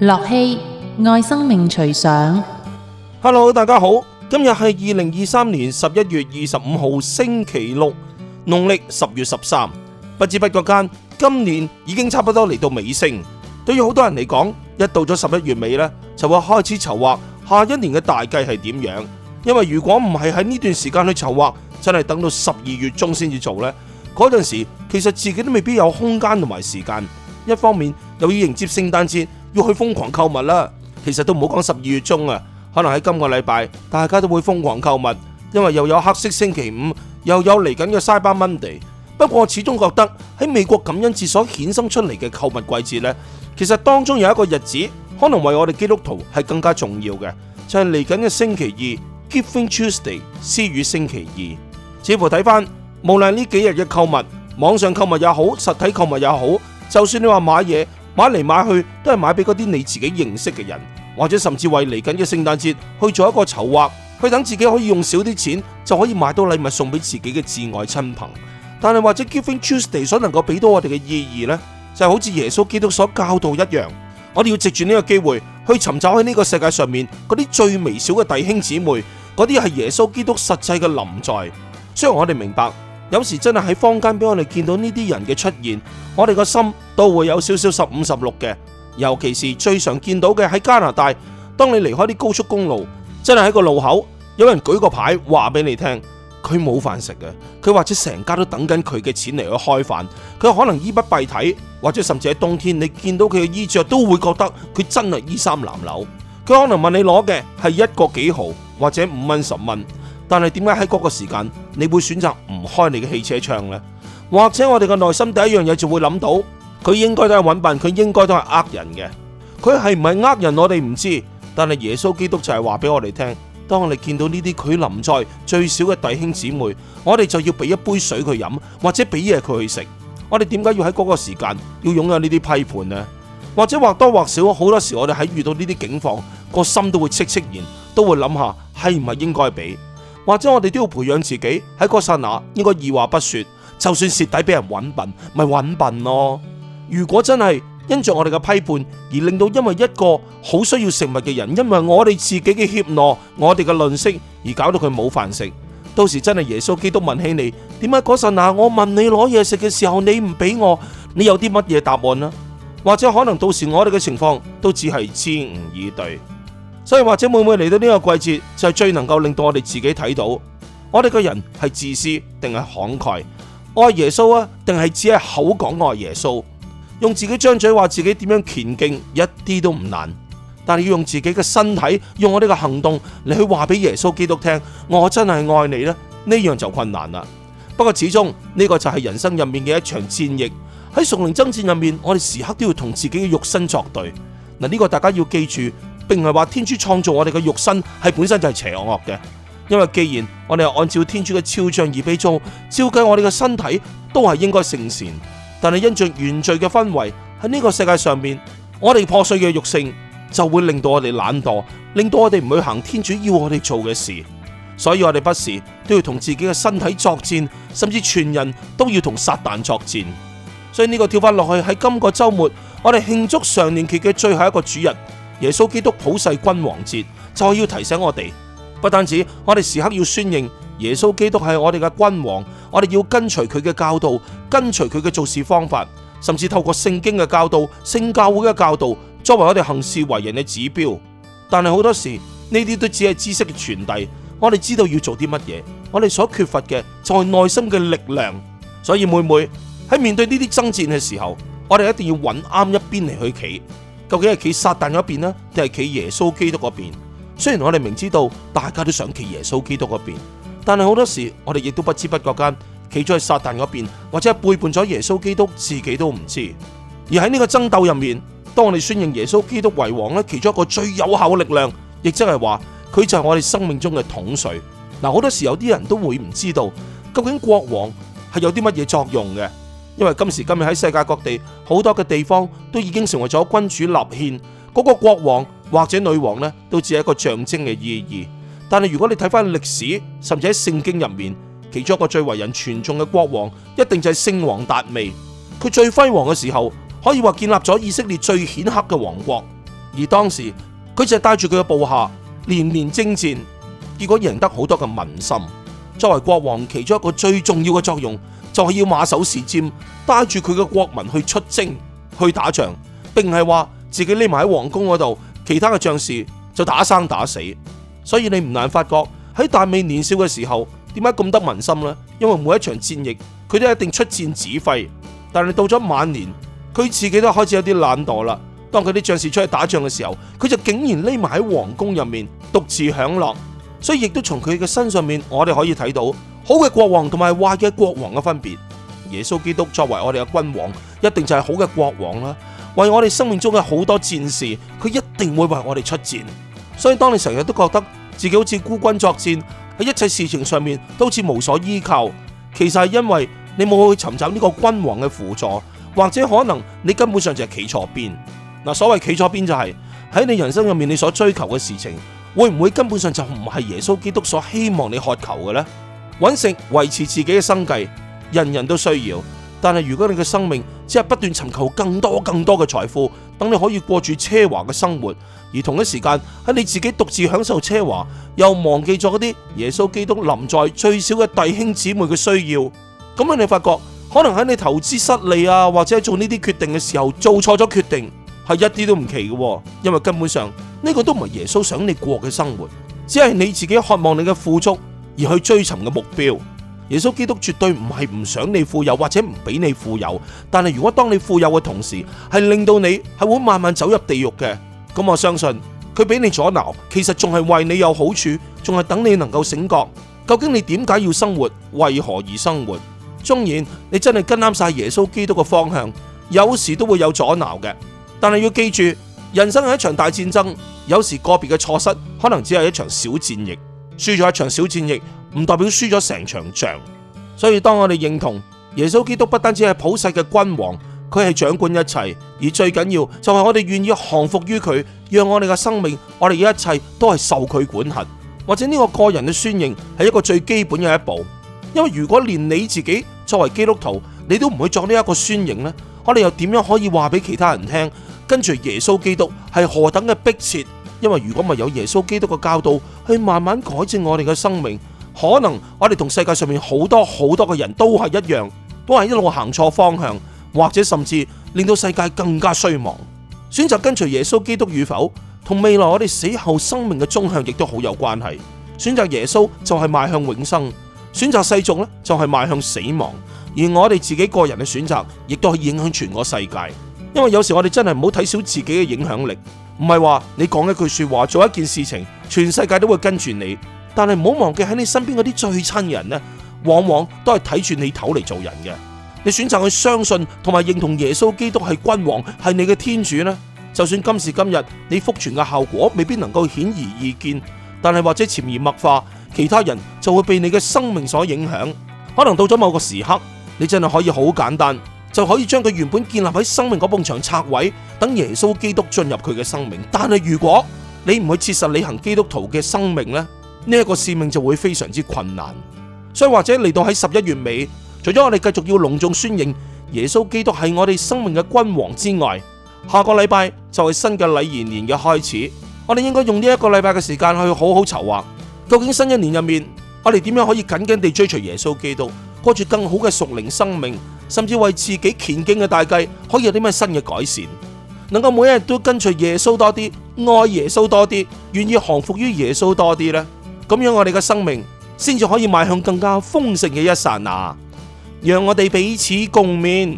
駱曦愛生命隨想，Hello，大家好。今日係二零二三年十一月二十五號，星期六，農曆十月十三。不知不覺間，今年已經差不多嚟到尾聲。對於好多人嚟講，一到咗十一月尾呢，就會開始籌劃下一年嘅大計係點樣。因為如果唔係喺呢段時間去籌劃，真係等到十二月中先至做呢。嗰陣時其實自己都未必有空間同埋時間，一方面又要迎接聖誕節。要去瘋狂購物啦，其實都唔好講十二月中啊，可能喺今個禮拜大家都會瘋狂購物，因為又有黑色星期五，又有嚟緊嘅 Cyber Monday。不過我始終覺得喺美國感恩節所衍生出嚟嘅購物季節呢，其實當中有一個日子，可能為我哋基督徒係更加重要嘅，就係嚟緊嘅星期二 Giving Tuesday 施予星期二。似乎睇翻，無論呢幾日嘅購物，網上購物也好，實體購物也好，就算你話買嘢。買嚟買去都係買俾嗰啲你自己認識嘅人，或者甚至為嚟緊嘅聖誕節去做一個籌劃，去等自己可以用少啲錢就可以買到禮物送俾自己嘅至愛親朋。但係或者 Giving Tuesday 所能夠俾到我哋嘅意義呢，就係好似耶穌基督所教導一樣，我哋要藉住呢個機會去尋找喺呢個世界上面嗰啲最微小嘅弟兄姊妹，嗰啲係耶穌基督實際嘅臨在。雖然我哋明白。有時真係喺坊間俾我哋見到呢啲人嘅出現，我哋個心都會有少少十五十六嘅。尤其是最常見到嘅喺加拿大，當你離開啲高速公路，真係喺個路口有人舉個牌話俾你聽，佢冇飯食嘅，佢或者成家都等緊佢嘅錢嚟,去開飯，佢可能衣不蔽體，或者甚至喺冬天你見到佢嘅衣着都會覺得佢真係衣衫襤褸。佢可能問你攞嘅係一個幾毫或者五蚊十蚊。但係點解喺嗰個時間你會選擇唔開你嘅汽車窗呢？或者我哋嘅內心第一樣嘢，就會諗到佢應該都係搵笨，佢應該都係呃人嘅。佢係唔係呃人，我哋唔知。但係耶穌基督就係話俾我哋聽：當你見到呢啲佢臨在最少嘅弟兄姊妹，我哋就要俾一杯水佢飲，或者俾嘢佢去食。我哋點解要喺嗰個時間要擁有呢啲批判呢？或者或多或少好多時，我哋喺遇到呢啲境況，個心都會戚戚然，都會諗下係唔係應該俾。或者我哋都要培養自己喺嗰剎那應該二話不說，就算蝕底俾人揾笨，咪揾笨咯。如果真係因着我哋嘅批判而令到因為一個好需要食物嘅人，因為我哋自己嘅怯懦、我哋嘅吝嗇而搞到佢冇飯食，到時真係耶穌基督問起你，點解嗰剎那我問你攞嘢食嘅時候你唔俾我？你有啲乜嘢答案呢？或者可能到時我哋嘅情況都只係無言以對。所以或者每每嚟到呢個季節，就係、是、最能夠令到我哋自己睇到，我哋個人係自私定係慷慨，愛耶穌啊，定係只係口講愛耶穌，用自己張嘴話自己點樣前進一啲都唔難，但係要用自己嘅身體，用我哋嘅行動嚟去話俾耶穌基督聽，我真係愛你咧，呢樣就困難啦。不過始終呢、這個就係人生入面嘅一場戰役，喺屬靈爭戰入面，我哋時刻都要同自己嘅肉身作對。嗱、這、呢個大家要記住。並唔係話天主創造我哋嘅肉身係本身就係邪惡嘅，因為既然我哋係按照天主嘅肖像而被造，照計我哋嘅身體都係應該聖善。但係因着原罪嘅氛圍喺呢個世界上面，我哋破碎嘅肉性就會令到我哋懶惰，令到我哋唔去行天主要我哋做嘅事。所以我哋不時都要同自己嘅身體作戰，甚至全人都要同撒旦作戰。所以呢個跳翻落去，喺今個周末，我哋慶祝常年期嘅最後一個主日。耶穌基督普世君王節，就要提醒我哋，不單止我哋時刻要宣認耶穌基督係我哋嘅君王，我哋要跟隨佢嘅教導，跟隨佢嘅做事方法，甚至透過聖經嘅教導、聖教會嘅教導，作為我哋行事為人嘅指標。但係好多時呢啲都只係知識嘅傳遞，我哋知道要做啲乜嘢，我哋所缺乏嘅就係內心嘅力量。所以妹妹喺面對呢啲爭戰嘅時候，我哋一定要揾啱一邊嚟去企。究竟係企撒旦嗰邊呢，定係企耶穌基督嗰邊？雖然我哋明知道大家都想企耶穌基督嗰邊，但係好多時我哋亦都不知不覺間企咗喺撒旦嗰邊，或者係背叛咗耶穌基督，自己都唔知。而喺呢個爭鬥入面，當我哋宣認耶穌基督為王呢，其中一個最有效嘅力量，亦即係話佢就係我哋生命中嘅統帥。嗱，好多時有啲人都會唔知道，究竟國王係有啲乜嘢作用嘅？因為今時今日喺世界各地好多嘅地方都已經成為咗君主立憲，嗰個國王或者女王呢，都只係一個象徵嘅意義。但係如果你睇翻歷史，甚至喺聖經入面，其中一個最為人傳頌嘅國王，一定就係聖王達味。佢最輝煌嘅時候，可以話建立咗以色列最顯赫嘅王國。而當時佢就係帶住佢嘅部下，連連征戰，結果贏得好多嘅民心。作為國王其中一個最重要嘅作用。就係要馬首是瞻，帶住佢嘅國民去出征去打仗，並唔係話自己匿埋喺皇宮嗰度，其他嘅將士就打生打死。所以你唔難發覺，喺大美年少嘅時候，點解咁得民心呢？因為每一場戰役，佢都一定出戰指揮。但係到咗晚年，佢自己都開始有啲懶惰啦。當佢啲將士出去打仗嘅時候，佢就竟然匿埋喺皇宮入面獨自享樂。所以亦都從佢嘅身上面，我哋可以睇到。好嘅國王同埋壞嘅國王嘅分別，耶穌基督作為我哋嘅君王，一定就係好嘅國王啦。為我哋生命中嘅好多戰事，佢一定會為我哋出戰。所以當你成日都覺得自己好似孤軍作戰，喺一切事情上面都似無所依靠，其實係因為你冇去尋找呢個君王嘅輔助，或者可能你根本上就係企錯邊。嗱，所謂企錯邊就係、是、喺你人生入面你所追求嘅事情，會唔會根本上就唔係耶穌基督所希望你渴求嘅呢？揾食維持自己嘅生計，人人都需要。但係如果你嘅生命只係不斷尋求更多更多嘅財富，等你可以過住奢華嘅生活，而同一時間喺你自己獨自享受奢華，又忘記咗嗰啲耶穌基督臨在最少嘅弟兄姊妹嘅需要，咁你發覺可能喺你投資失利啊，或者做呢啲決定嘅時候做錯咗決定，係一啲都唔奇嘅，因為根本上呢個都唔係耶穌想你過嘅生活，只係你自己渴望你嘅富足。而去追尋嘅目標，耶穌基督絕對唔係唔想你富有或者唔俾你富有，但係如果當你富有嘅同時，係令到你係會慢慢走入地獄嘅。咁我相信佢俾你阻撓，其實仲係為你有好處，仲係等你能夠醒覺。究竟你點解要生活？為何而生活？縱然你真係跟啱晒耶穌基督嘅方向，有時都會有阻撓嘅。但係要記住，人生係一場大戰爭，有時個別嘅錯失可能只係一場小戰役。輸咗一場小戰役唔代表輸咗成場仗，所以當我哋認同耶穌基督不單止係普世嘅君王，佢係掌管一切，而最緊要就係我哋願意降服於佢，讓我哋嘅生命、我哋嘅一切都係受佢管轄。或者呢個個人嘅宣認係一個最基本嘅一步，因為如果連你自己作為基督徒你都唔會作呢一個宣認呢，我哋又點樣可以話俾其他人聽，跟住耶穌基督係何等嘅迫切？因為如果唔係有耶穌基督嘅教導，去慢慢改正我哋嘅生命，可能我哋同世界上面好多好多嘅人都係一樣，都係一路行錯方向，或者甚至令到世界更加衰亡。選擇跟隨耶穌基督與否，同未來我哋死後生命嘅終向亦都好有關係。選擇耶穌就係邁向永生，選擇世俗呢就係邁向死亡。而我哋自己個人嘅選擇，亦都可以影響全個世界。因為有時我哋真係唔好睇小自己嘅影響力。唔係話你講一句說話，做一件事情，全世界都會跟住你，但係唔好忘記喺你身邊嗰啲最親人呢，往往都係睇住你頭嚟做人嘅。你選擇去相信同埋認同耶穌基督係君王，係你嘅天主呢，就算今時今日你福傳嘅效果未必能夠顯而易見，但係或者潛移默化，其他人就會被你嘅生命所影響。可能到咗某個時刻，你真係可以好簡單。就可以將佢原本建立喺生命嗰埲牆拆毀，等耶穌基督進入佢嘅生命。但係如果你唔去切實履行基督徒嘅生命呢，呢一個使命就會非常之困難。所以或者嚟到喺十一月尾，除咗我哋繼續要隆重宣認耶穌基督係我哋生命嘅君王之外，下個禮拜就係新嘅禮儀年嘅開始。我哋應該用呢一個禮拜嘅時間去好好籌劃，究竟新一年入面我哋點樣可以緊緊地追隨耶穌基督，過住更好嘅屬靈生命。甚至為自己前景嘅大計可以有啲咩新嘅改善，能夠每一日都跟隨耶穌多啲，愛耶穌多啲，願意降服於耶穌多啲呢？咁樣我哋嘅生命先至可以邁向更加豐盛嘅一剎那，讓我哋彼此共勉。